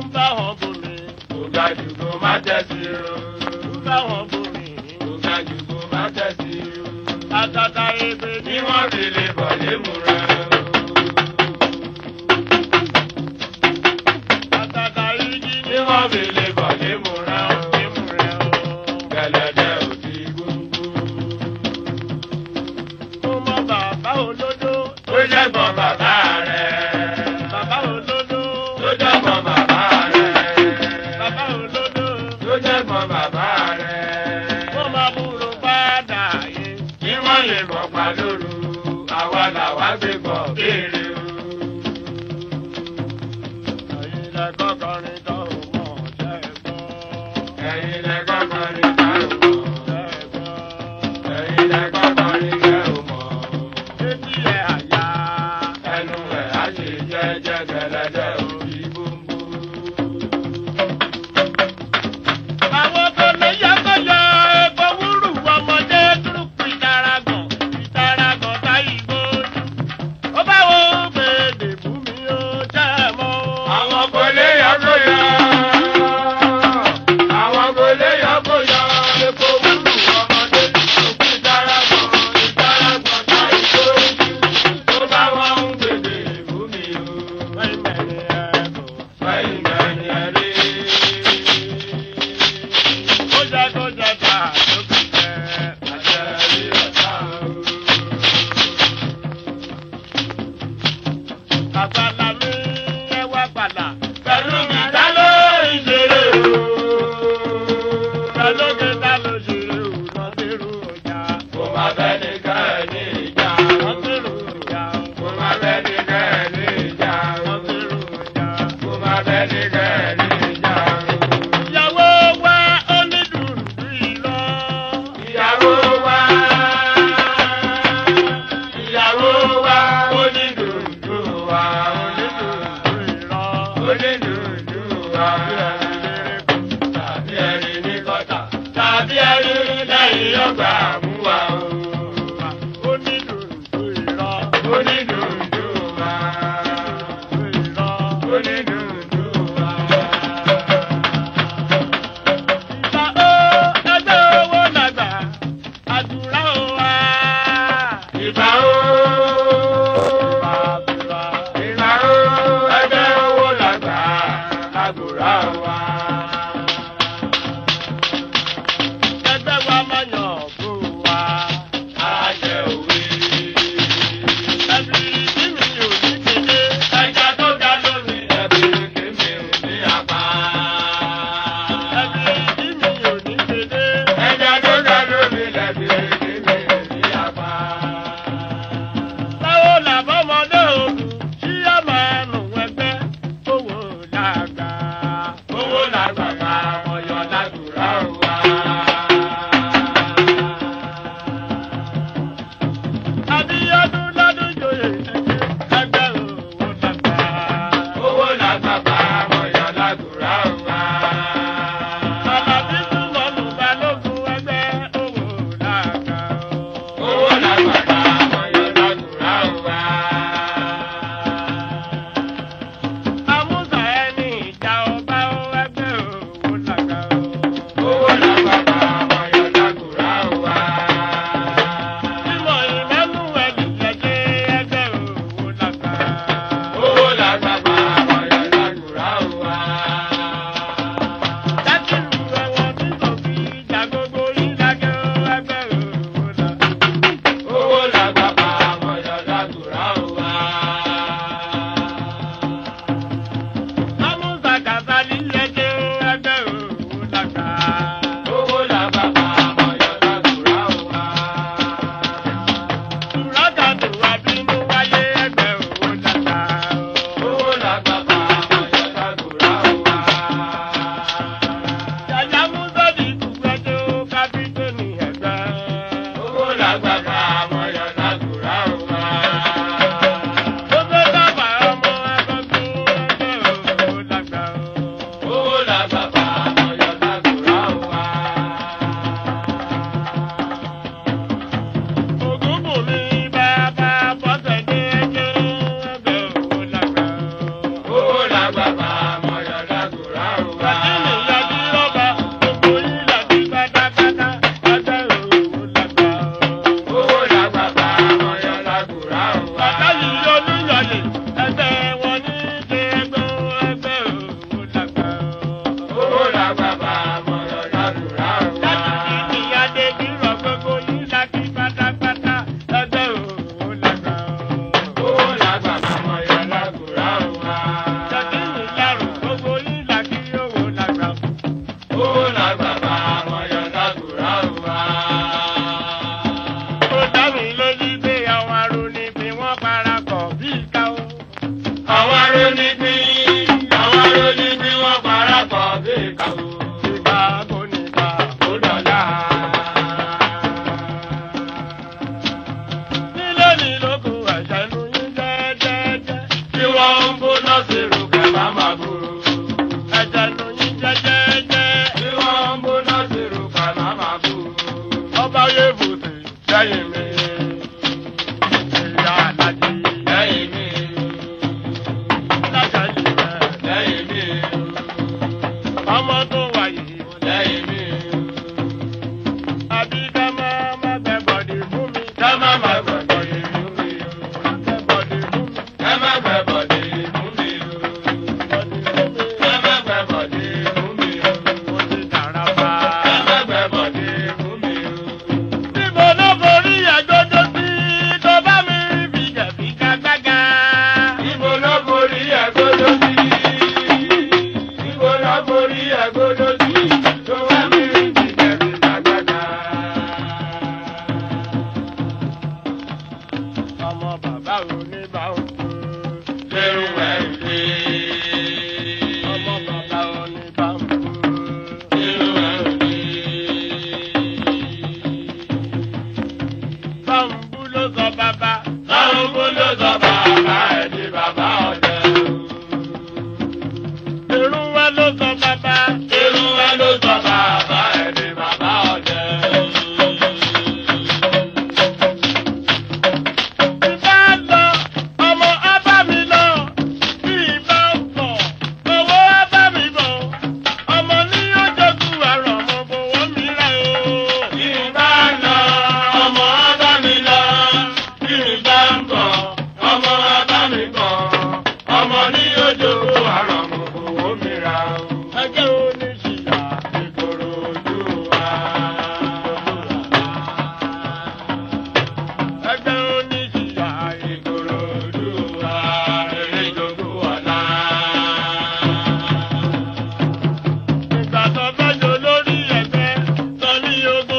ń bá wọn bomi. kò ga jù kó má tẹ̀sí o. ń bá wọn bomi. kò ga jù kó má tẹ̀sí o. tó jẹ́ mọ́ bàbá rẹ̀. Wọ́n máa múlò padà yé. Kí wọ́n lè bọ̀ pa lóru, àwa làwa gbé bọ̀ béèrè. 啦啦啦。Idiota Happy birthday. saúde. your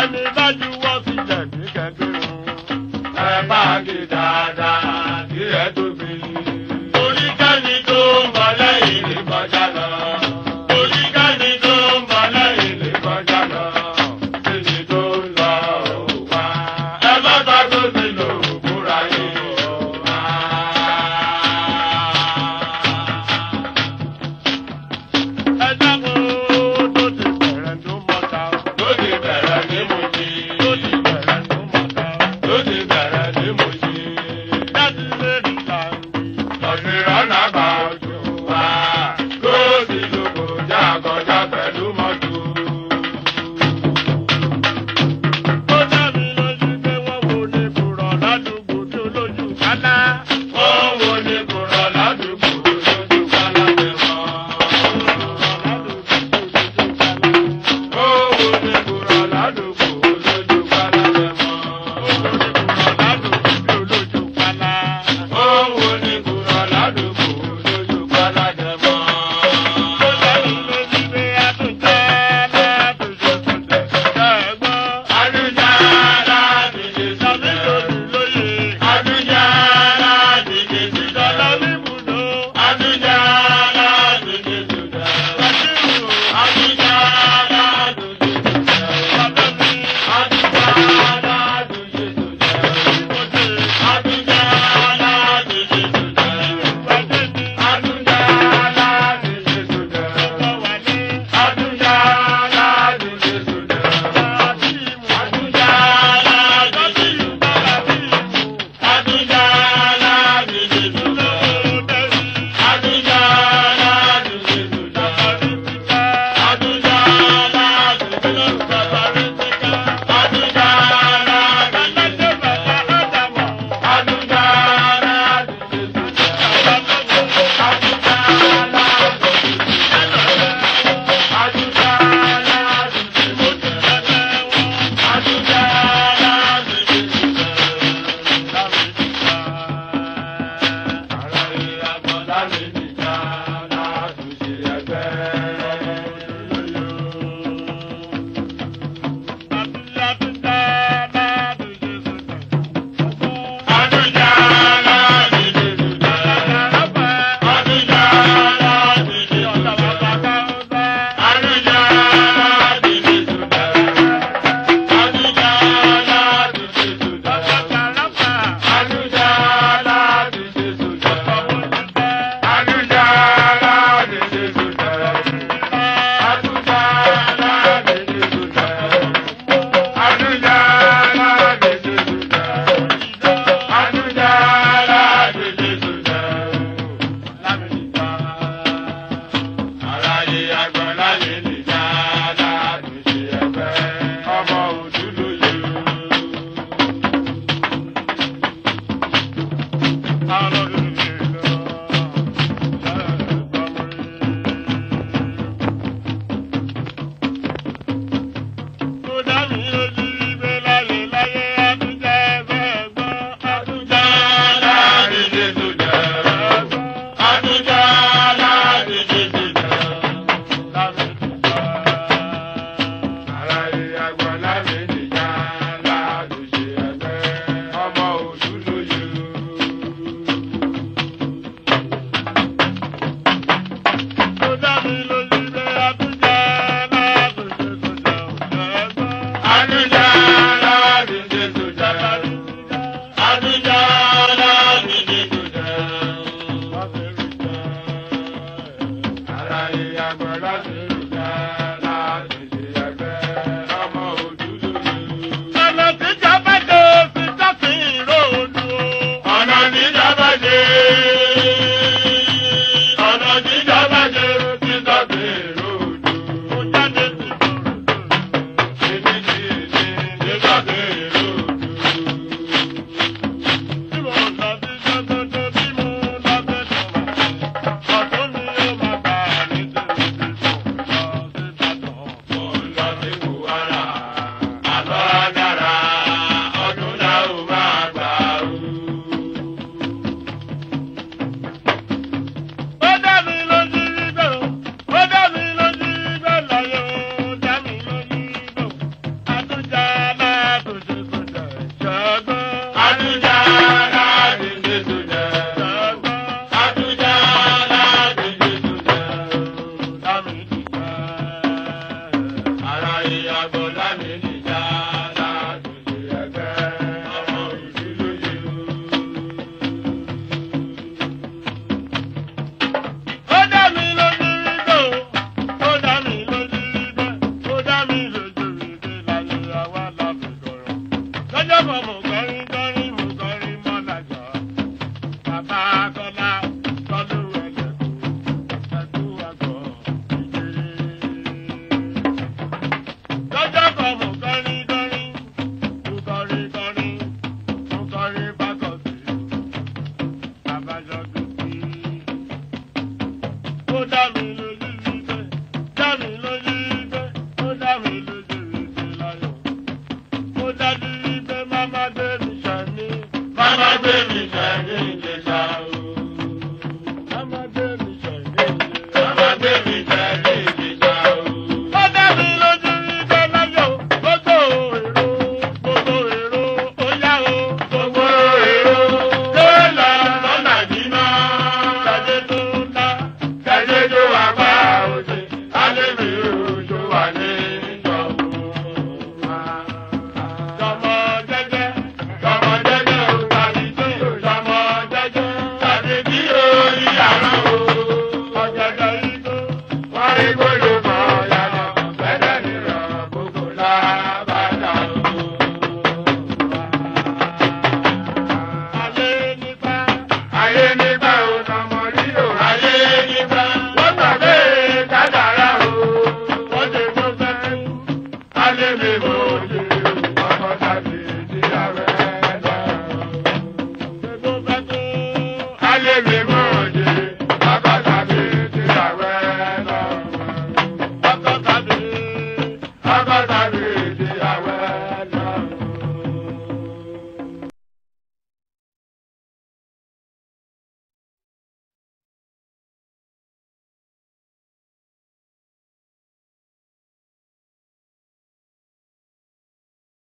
ẹni bá juwọ́ sí jẹ̀dí kẹ̀kẹ́ o. ẹ bá a kí dáadáa.